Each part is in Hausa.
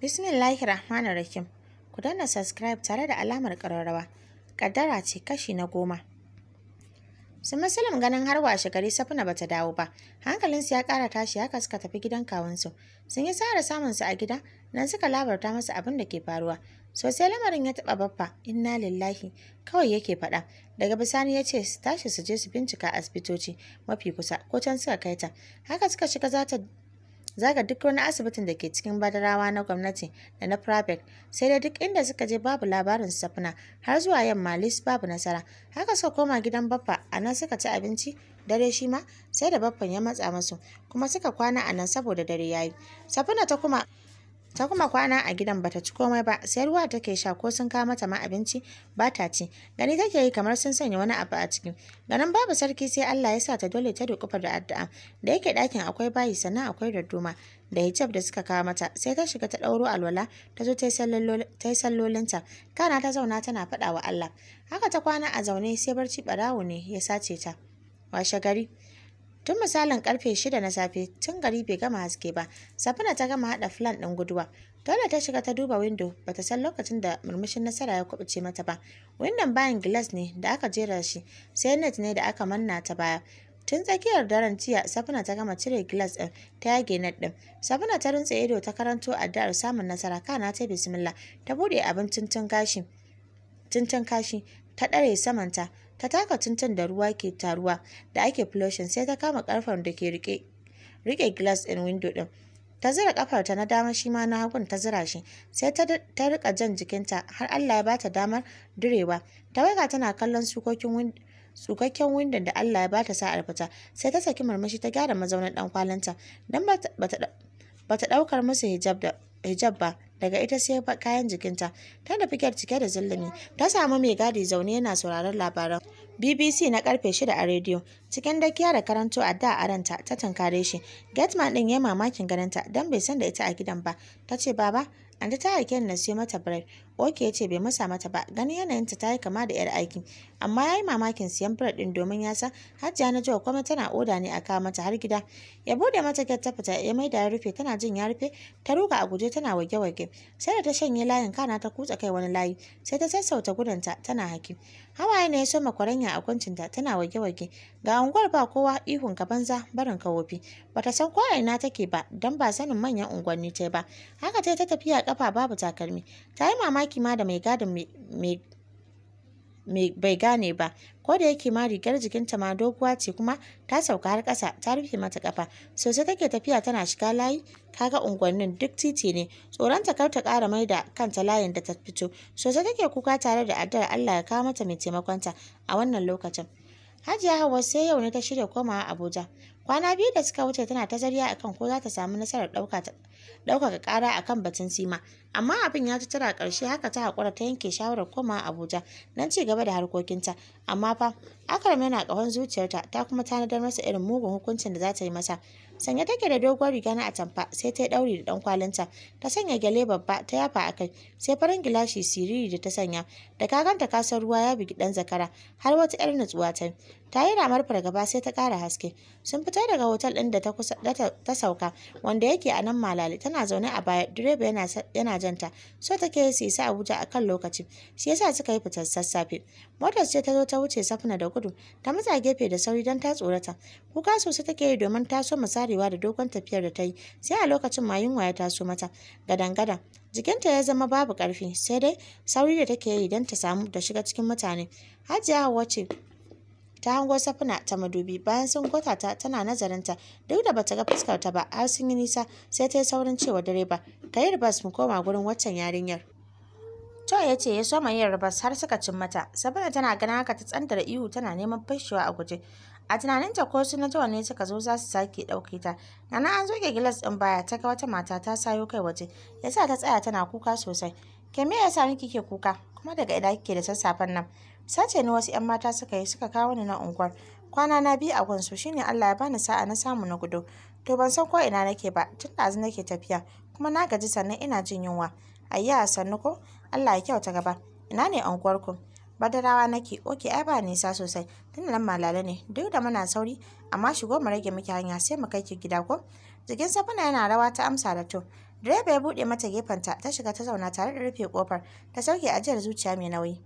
Bismillahir Rahmanir Rahim. Ku danna subscribe tare da alamar ƙararrawa. Kaddara ce kashi na goma. Su Musulun ganin har washe gari Safina bata dawo ba. Hankalinsu ya ƙara tashi haka suka tafi gidan kawunsu. Sun yi sa'ar samun su a gida, nan suka labarta masa abin da ke faruwa. Sosai lamarin ya taɓa baffa, inna lillahi, kawai yake faɗa. Daga bisani ya ce su tashi su je su bincika asibitoci mafi kusa, ko can suka kai ta. Haka suka shiga za ta zaga duk wani asibitin da ke cikin badarawa na gwamnati da na private sai dai duk inda suka je babu labarin safina har zuwa yamma lis babu nasara haka suka koma gidan baffa a nan suka ci abinci dare shi ma sai da baffan ya matsa masu. kuma suka kwana a nan saboda dare yayi safina ta kuma ta kuma kwana a gidan bata ci komai ba sai ruwa take sha ko sun kawo mata ma abinci ba ta ci gani take yi kamar sun sanya wani abu a ciki ganin babu sarki sai Allah ya sa ta dole ta dukufa da addu'a da yake ɗakin akwai bayi sannan akwai dadduma da hijab da suka kawo mata sai ta shiga ta ɗauro alwala ta zo ta yi sallolinta kana ta zauna tana faɗa wa Allah haka ta kwana a zaune sai barci ɓarawo ne ya sace ta washe gari Tun misalin karfe shida na safe tun gari bai gama haske ba, Safina ta gama haɗa filan ɗin guduwa. Dole ta shiga ta duba windo ba ta san lokacin da murmushin nasara ya kubuce mata ba. Windon bayan gilas ne da aka jera shi, sai net ne da aka manna ta baya. Tun tsakiyar daren jiya, Safina ta gama cire gilas ɗin ta yage net ɗin. Safina ta rintse ido ta karanto addu'ar samun nasara kana ta bismillah ta buɗe abin tuntun gashi. Tuntun kashi ta ɗare samanta ta taka tuntun da ruwa ke taruwa da ake flushin sai ta kama karfan da ke rike rike glass ɗin window ɗin ta zira kafarta na dama shi ma na hagun ta zira shi sai ta rika jan jikinta har Allah ya bata damar direwa ta waiga tana kallon sukokin tsukakken windon da Allah ya bata sa'ar fita sai ta saki murmushi ta gyara mazaunin dan kwalanta dan ta daukar musu hijab da hijab ba daga ita sai kayan jikinta ta da fikir cike da zulumi ta samu mai gadi zaune yana sauraron labaran bbc na karfe shida a rediyo cikin dakiya da karanto a da aranta ta tankare shi gatman din ya mamakin ganinta don bai san da ita a gidan ba ta ce baba anta ta aike ni na siyo mata bread Oke ya ce bai masa mata ba, ganin yanayinta ta yi kama da 'yar aiki. Amma ya yi mamakin siyan fura din domin ya san Hajiya na jiwa kuma tana oda ne a kawo mata har gida. Ya bude mata gyar ta fita ya maida ya rufe tana jin ya rufe ta ruga a guje tana wage-wage. Sai da ta shanye layin kana ta kutsa kai wani layi sai ta sassauta gudanta tana haki. Hawaye ne ya so kwaranya a ta tana wage-wage. Ga unguwar ba kowa ihun ka banza barin ka wofi. Bata san ko ina take ba Dan ba sanin manyan unguwanni ta ba. Haka ta tafiya kafa babu takalmi. Ta yi mamaki mamaki ma da mai gadin mai bai gane ba ko da yake ma rigar jikinta ma doguwa ce kuma ta sauka har ƙasa ta rufe mata kafa sosai take tafiya tana shiga layi kaga unguwannin duk titi ne tsoronta kar ta kara mai da kanta layin da ta fito sosai take kuka tare da addu'ar Allah ya kawo mata mai taimakonta a wannan lokacin Hajiya Hauwa sai yau ne ta shirya komawa Abuja. Kwana biyu da suka wuce tana ta zariya akan ko za ta samu nasarar ɗauka ɗaukaka a kan batun sima amma abin ya ci tara ƙarshe haka ta haƙura ta yanke shawarar koma abuja nan ci gaba da harkokinta amma fa akaram yana ƙahon zuciyarta ta kuma tanadar masa irin mugun hukuncin da za ta yi masa sanya take da doguwar riga na atamfa sai ta yi ɗauri da ɗan ta sanya gyale babba ta yafa a kai sai farin gilashi siriri da ta sanya da kaganta kasar ruwa ya bugi ɗan zakara har wata 'yar nutsuwa ta yi ta yi ramar fargaba sai ta kara haske sun fita daga hotel ɗin da ta sauka wanda yake a nan malala misali tana zaune a baya direba yana yana janta so take su isa Abuja akan lokaci shi yasa suka yi fitar sassafe motar ce ta zo ta wuce Safna da gudu ta matsa gefe da sauri don ta tsorata kuka sosai take yi domin ta so musarewa da dogon tafiyar da ta yi sai a lokacin ma yunwa ya taso mata gadan gadan jikinta ya zama babu karfi sai dai sauri da take yi don ta samu da shiga cikin mutane hajiya Hauwa ta hango safuna ta madubi bayan sun gota ta tana ta duk da bata ga fuskar ta ba har sun yi nisa sai ta yi saurin cewa direba ka yi ribas mu koma gurin waccan yarinyar to ya ce ya soma yin ribas har suka cin mata safuna tana ganin haka ta tsandara ihu tana neman fashewa a guje a tunaninta ko su na ne suka zo za su sake ɗauke ta nana an ke gilas ɗin baya ta ga wata mata ta sayo kai waje yasa ta tsaya tana kuka sosai ke me yasa miki ke kuka kuma daga ina kike da sassafen nan sace ni wasu 'yan mata suka yi suka kawo ni na unguwar kwana na biyu a gwansu shine Allah ya bani sa'a na samu na gudu to ban san ko ina nake ba tun da nake tafiya kuma na gaji sannan ina jin yunwa ayya sannu ko Allah ya kyauta gaba ina ne unguwar ku? badarawa nake oke ai ba nisa sosai tun nan malala ne duk da muna sauri amma shigo mu rage miki hanya sai mu kai ki gida ko jikin safina yana rawa ta amsa da to direba ya buɗe mata gefenta ta shiga ta zauna tare da rufe kofar ta sauke ajiyar zuciya mai nauyi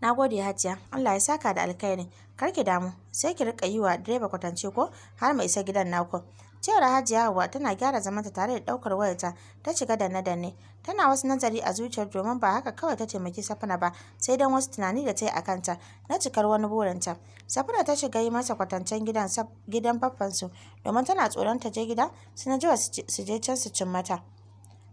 Na gode Hajiya, Allah ya saka da alkhairi. Kar ki damu, sai ki rika yi wa direba kwatance ko har mu isa gidan naku. Cewar Hajiya Hauwa tana gyara zamanta tare da ɗaukar wayarta ta shiga danne-danne. Tana wasu nazari a zuciyar domin ba haka kawai ta taimaki Safina ba, sai dan wasu tunani da ta yi a kanta na cikar wani burinta. Safina ta shiga yi masa kwatancen gidan gidan su domin tana tsoron ta je gida su na jiwa su je can su cin mata.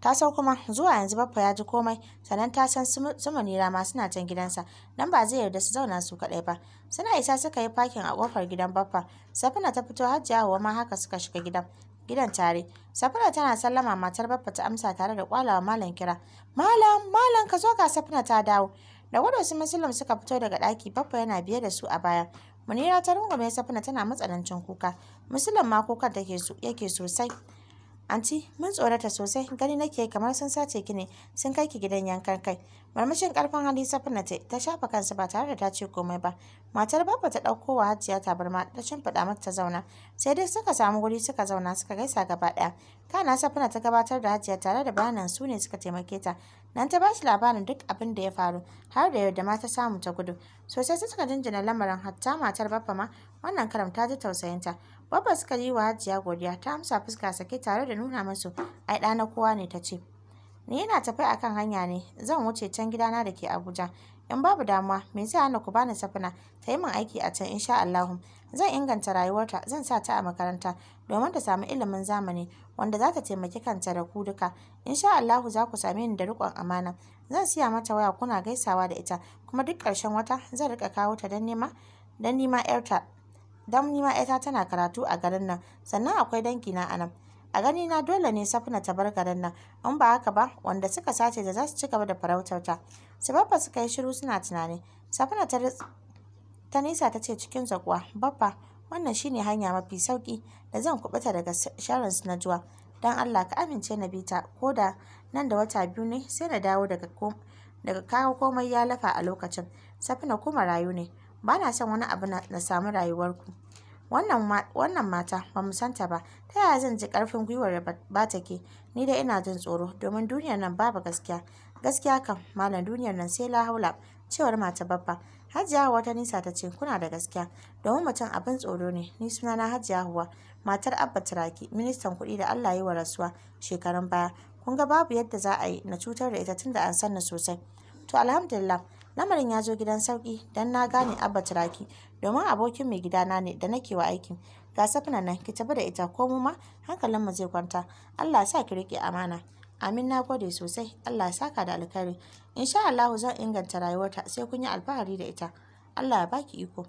ta san kuma zuwa yanzu baffa ya ji komai sannan ta san su nira ma suna can gidansa nan ba zai yarda su zauna su kaɗai ba suna isa suka yi fakin a kofar gidan baffa safina ta fito Hajji hawa ma haka suka shiga gidan gidan tare safina tana sallama matar baffa ta amsa tare da kwalawa malam kira malam malam ka zo ga safina ta dawo da gwada su musulum suka fito daga ɗaki baffa yana biye da su a baya munira ta rungume safina tana matsanancin kuka musulum ma kukan take yake sosai Anti, mun tsorata sosai, gani nake kamar sun sace ki ne, sun kai ki gidan yankan kai. Marmashin karfin hali safina ce, ta shafa kansa ba tare da ta ce komai ba. Matar babba ta ɗauko wa hajiya tabarma ta shimfiɗa mata ta zauna. Sai dai suka samu wuri suka zauna suka gaisa gaba ɗaya. Kana safina ta gabatar da hajiya tare da bayanan su ne suka taimake ta. Nan ta ba shi labarin duk abin da ya faru, har da yadda ma ta samu ta gudu. Sosai suka jinjina lamarin hatta matar babba ma wannan karam ta ji tausayinta. Babba suka yi wa Hajiya godiya ta amsa fuska sake tare da nuna masu ai ɗa na kowa ne ta ce. Ni yana tafai a kan hanya ne zan wuce can gidana da ke Abuja. In babu damuwa me zai hana ku bani safina ta yi min aiki a can insha Allahu. Zan inganta rayuwarta zan sa ta a makaranta domin ta samu ilimin zamani wanda za ta taimaki kanta da ku duka. Insha Allahu za ku same ni da rikon amana. Zan siya mata waya kuna gaisawa da ita kuma duk ƙarshen wata zan riƙa kawo ta don nema don nema 'yarta don nima ita tana karatu a garin nan sannan akwai danki a nan a gani na dole ne safna ta bar garin nan in ba haka ba wanda suka sace da za su ci gaba da farautar ta baffa suka yi shiru suna tunani safna ta ta nisa ta ce cikin zakuwa baffa wannan shine hanya mafi sauki da zan kubuta daga sharin na juwa don allah ka amince na bita ko da nan da wata biyu ne sai na dawo daga kawo komai ya lafa a lokacin safna kuma rayu ne ba na son wani abu na samu rayuwarku wannan mata ba mu santa ba ta yaya zan ji karfin gwiwar ba ta ke ni da ina jin tsoro domin duniyar nan babu gaskiya gaskiya kan malam duniyar nan sai la haula cewar mata babba hajiya wata nisa ta ce kuna da gaskiya domin mutum abin tsoro ne ni suna hajiya huwa matar abba turaki ministan kuɗi da allah yi wa rasuwa shekarun baya kun ga babu yadda za a yi na cutar da ita tunda an an sanna sosai to alhamdulillah lamarin ya zo gidan sauki don na gane abba turaki domin abokin mai gidana ne da nake wa aiki ga safina nan ki tafi da ita ko mu ma hankalin mu zai kwanta Allah sa ki rike amana amin na gode sosai Allah sa ka da alkhairi insha Allah zan inganta rayuwarta sai kun yi alfahari da ita Allah ya baki iko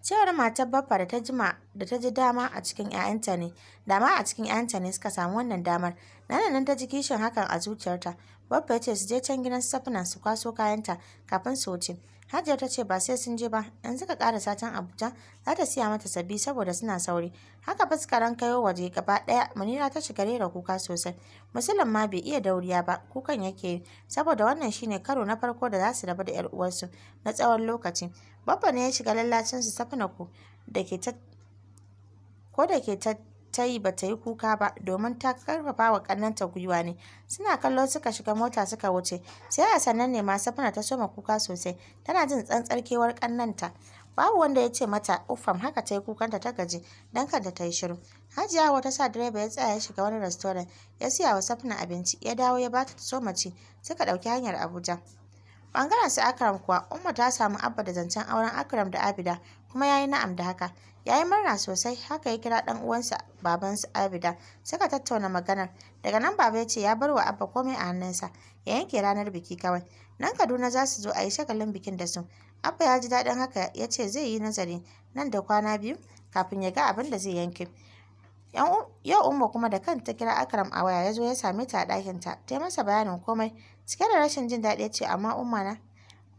cewar matar baffa da ta jima da ta ji dama a cikin 'ya'yanta ne dama a cikin 'ya'yanta ne suka samu wannan damar nan nan ta ji kishin hakan a zuciyarta Babba ya ce su je can gidan safina su kwaso kayanta kafin su wuce. Hajiya ta ce ba sai sun je ba, yanzu ka ƙara satan Abuja za ta siya mata sabbi saboda suna sauri. Haka fuskaran kayo waje gaba ɗaya Munira ta shiga rera kuka sosai. Musulun ma bai iya dauriya ba, kukan yake yi. saboda wannan shine karo na farko da za su rabu da 'yar uwarsu na tsawon lokaci. Babba ne ya shiga lallacin su safina ko da ke ta ta yi ba ta yi kuka ba domin ta karfafa wa kannanta gwiwa ne suna kallo suka shiga mota suka wuce sai a sannan ne ma safina ta soma kuka sosai tana jin tsantsarkewar kewar kannanta babu wanda ya ce mata ufam haka ta yi kukanta ta gaji don kada ta yi shiru hajiya wata sa direba ya tsaya ya shiga wani restoran ya siya wa safina abinci ya dawo ya bata ta soma ci suka ɗauki hanyar abuja bangaren su akram kuwa umma ta samu abba da zancen auren akram da abida kuma ya yi na'am da haka ya yi murna sosai haka ya kira ɗan uwansa babansa abida suka tattauna maganar daga nan baba ya ce ya bar wa abba komai a hannunsa ya yanke ranar biki kawai nan kaduna za su zo a yi shagalin bikin da su abba ya ji daɗin haka ya ce zai yi nazari nan da kwana biyu kafin ya ga abin da zai yanke yau umma kuma da kanta kira akram a waya ya zo ya same ta a ɗakinta ta yi masa bayanin komai cike da rashin jin daɗi ya ce amma umma na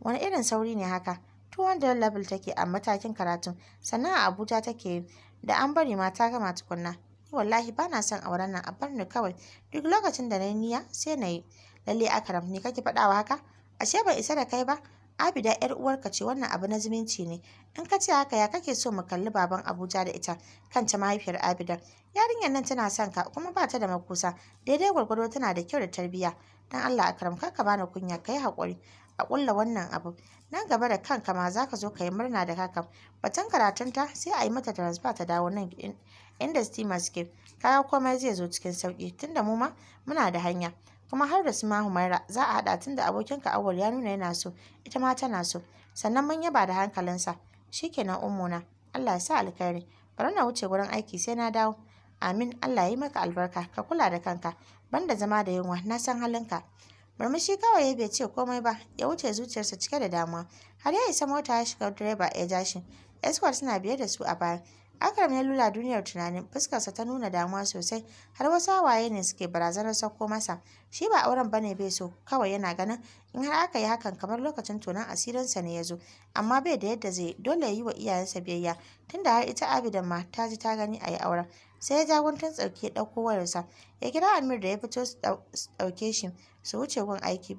wani irin sauri ne haka 200 level take a matakin karatun sannan a Abuja take da an bari ma ta gama tukunna ni wallahi bana son auren nan a bar kawai duk lokacin da na yi niyya sai na yi lalle akaram ni kake faɗawa haka ashe ban isa da kai ba Abida ‘yar uwarka ce wannan abu na zumunci ne, in ka ce haka ya kake so mu kalli baban Abuja da ita kanta mahaifiyar Abida. Yarinyar nan tana son ka kuma ba ta da makusa, daidai gwargwado tana da kyau da tarbiyya. Dan Allah a karam ka bani kunya kai haƙuri. a ƙulla wannan abu, nan gaba da kanka ma za ka zo ka yi murna da kaka. batun karatunta sai a yi mata transfer ta dawo nan inda steamer suke kaya komai zai zo cikin sauƙi tunda mu ma muna da hanya kuma har da su ma humaira za a haɗa tunda abokinka awal ya nuna yana so ita ma tana so sannan mun yaba da hankalinsa shikenan ummuna Allah ya sa alkhairi bari na wuce gurin aiki sai na dawo amin Allah ya yi maka albarka ka kula da kanka banda zama da yunwa na san halinka murmushi kawai ya bai ce komai ba ya wuce zuciyarsa cike da damuwa har ya isa mota ya shiga direba ya ja shi escort suna biye da su a baya akram ya lula duniyar tunanin fuskarsa ta nuna damuwa sosai har wasu hawaye ne suke barazanar sauko masa shi ba auren ba ne bai so kawai yana ganin in har aka yi hakan kamar lokacin tonan asirinsa ne ya zo amma bai da yadda zai dole ya yi wa iyayensa biyayya tunda har ita abidan ma ta ji ta gani a yi auren sai ya ja guntun tsarki ya ɗauko wayarsa ya kira amir da ya fito su ɗauke shi su wuce gun aiki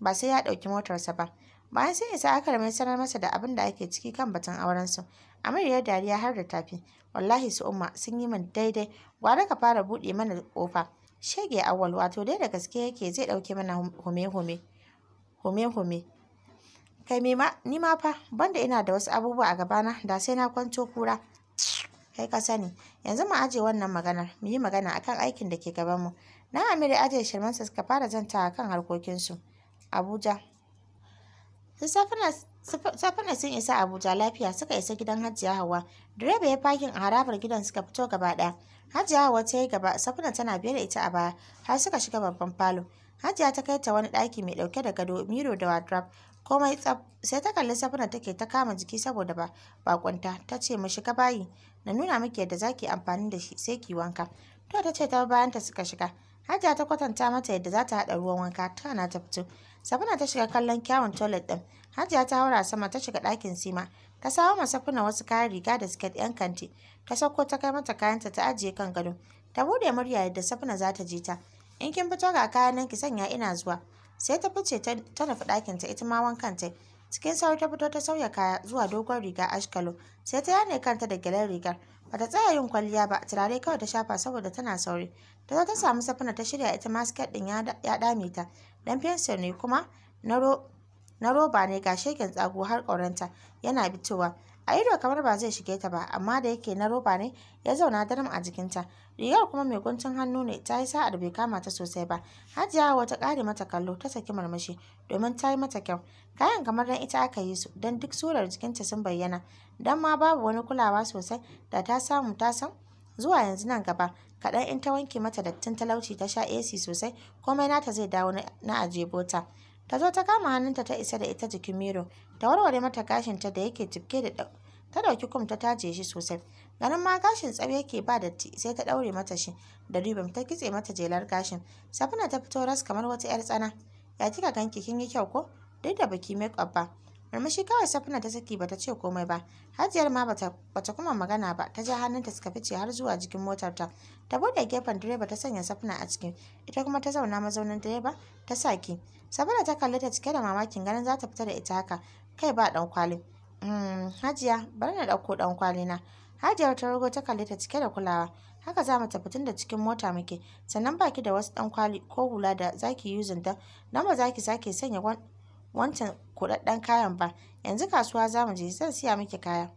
ba sai ya ɗauki motarsa ba bayan sai isa aka rame sanar masa da abin da ake ciki kan batun aurensu amir ya dariya har da tafi wallahi su umma sun yi min daidai gwada ka fara buɗe mana ƙofa shege awal wato dai da gaske yake zai ɗauke mana hume-hume hume-hume kai ma ni ma fa banda ina da wasu abubuwa a gabana da sai na kwanto kura kai ka sani yanzu mu aje wannan magana mu yi magana akan aikin da ke gabanmu na amiri aje su suka fara zanta kan harkokinsu abuja safina sun isa abuja lafiya suka isa gidan hajiya hawa direba ya fakin a harabar gidan suka fito gaba daya hajiya hawa ta yi gaba safina tana biye da ita a baya har suka shiga babban falo hajiya ta kai ta wani ɗaki mai ɗauke da gado miro da wardrobe komai tsaf sai ta kalli safina take ta kama jiki saboda ba bakonta ta ce mu shiga bayi na nuna miki yadda zaki amfani da shi sai ki wanka to ta ce ta bayan ta suka shiga Hajiya ta kwatanta mata yadda za ta haɗa ruwan wanka tana ta fito safuna ta shiga kallon kyawun toilet ɗin Hajiya ta haura sama ta shiga ɗakin Sima ta samo ma safuna wasu kayan riga da siket yan kanti ta sauko ta kai mata kayanta ta ajiye kan gado ta bude murya yadda safuna za ta je ta in kin fito ga kayan nan ki sanya ina zuwa sai ta fice ta nufi ɗakinta ita ma wankan ta cikin sauri ta fito ta sauya kaya zuwa dogon riga ashkalo sai ta yane kanta da gyalen rigar ba ta tsaya yin kwalliya ba turare kawai ta shafa saboda tana sauri ta zo ta samu safina ta shirya ita ma siket ɗin ya dame ta dan fensir ne kuma na roba ne ga shegen tsago har ƙauranta yana bitowa a ido kamar ba zai shige ta ba amma da yake na roba ne ya zauna daram a jikinta rigar kuma mai guntun hannu ne ta yi sa'ar bai kama ta sosai ba hajiya wata kare mata kallo ta saki marmashi domin ta yi mata kyau kayan kamar dan ita aka yi su don duk surar jikinta sun bayyana don ma babu wani kulawa sosai da ta samu ta san zuwa yanzu nan gaba kaɗan in ta wanke mata dattin talauci ta sha AC sosai komai nata zai dawo na ajebota. ta zo ta kama hannunta ta isa da ita jikin miro ta warware mata gashinta da yake tufke da ta dauki kum ta taje shi sosai ganin ma gashin tsabe yake ba datti sai ta daure mata shi da ribam ta kitse mata jelar gashin safina ta fito ras kamar wata yar tsana ya kika ganki kin yi kyau ko duk da baki make up ba murmushi kawai safina ta saki bata ce komai ba hajiyar ma bata bata kuma magana ba ta ja hannunta suka fice har zuwa jikin motar ta ta bude gefen direba ta sanya safina a cikin ita kuma ta zauna mazaunin direba ta saki safina ta kalli ta cike da mamakin ganin za ta fita da ita haka kai ba dan kwalin Mm, hajiya bari na ɗauko ɗan kwalina hajiyar ta rago ta kalli ta cike da kulawa haka za mu tafi tun da cikin mota muke sannan baki da wasu ɗan kwali ko hula da zaki yi zunta, don ba zaki sake sanya wancan kuɗaɗɗen kayan ba yanzu kasuwa za mu je zan siya miki kaya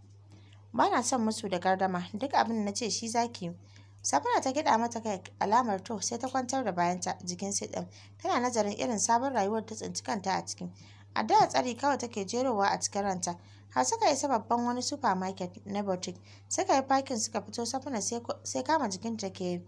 ba na son musu da gardama duk abin na ce shi zaki Safina ta gida mata kai alamar to sai ta kwantar da bayanta jikin sai tana nazarin irin sabon rayuwar ta tsinci kanta a ciki. A da tsari kawai take jerowa a cikin ranta har suka isa babban wani supermarket na boutique suka yi parking suka fito safuna sai kama jikin ke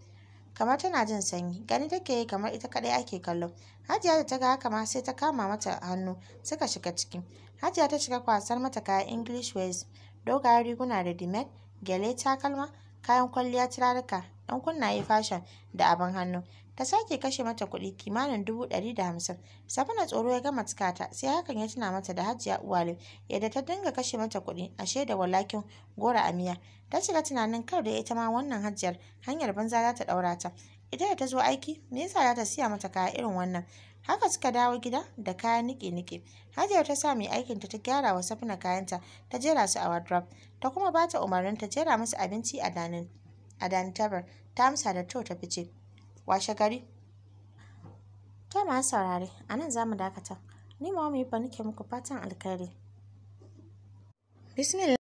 kamar tana jin sanyi gani take kamar ita kadai ake kallo hajiya da ta ga haka ma sai ta kama mata hannu suka shiga ciki hajiya ta shiga kwasar mata kayan english ways dogayen riguna da dimet gyale takalma kayan kwalliya turaruka ɗan kunnaye fashion da abin hannu ta sake kashe mata kuɗi kimanin dubu ɗari da hamsin safina tsoro ya gama cikata sai hakan ya tuna mata da hajiya uwale yadda ta dinga kashe mata kuɗi ashe da walakin gora a miya ta shiga tunanin kar da ita ma wannan hajiyar hanyar banza za ta ɗaura ta ita da ta zo aiki me yasa za ta siya mata kaya irin wannan haka suka dawo gida da kaya niƙe nike hajiyar ta sa mai aikin ta ta gyara wa safina kayanta ta jera su a wardrobe ta kuma ba ta umarnin ta jera musu abinci a danin a danin ta amsa da to ta fice washe gari to ma saurare a nan za mu dakata ni ma mu yi fa nake muku fatan alkhairi bismillah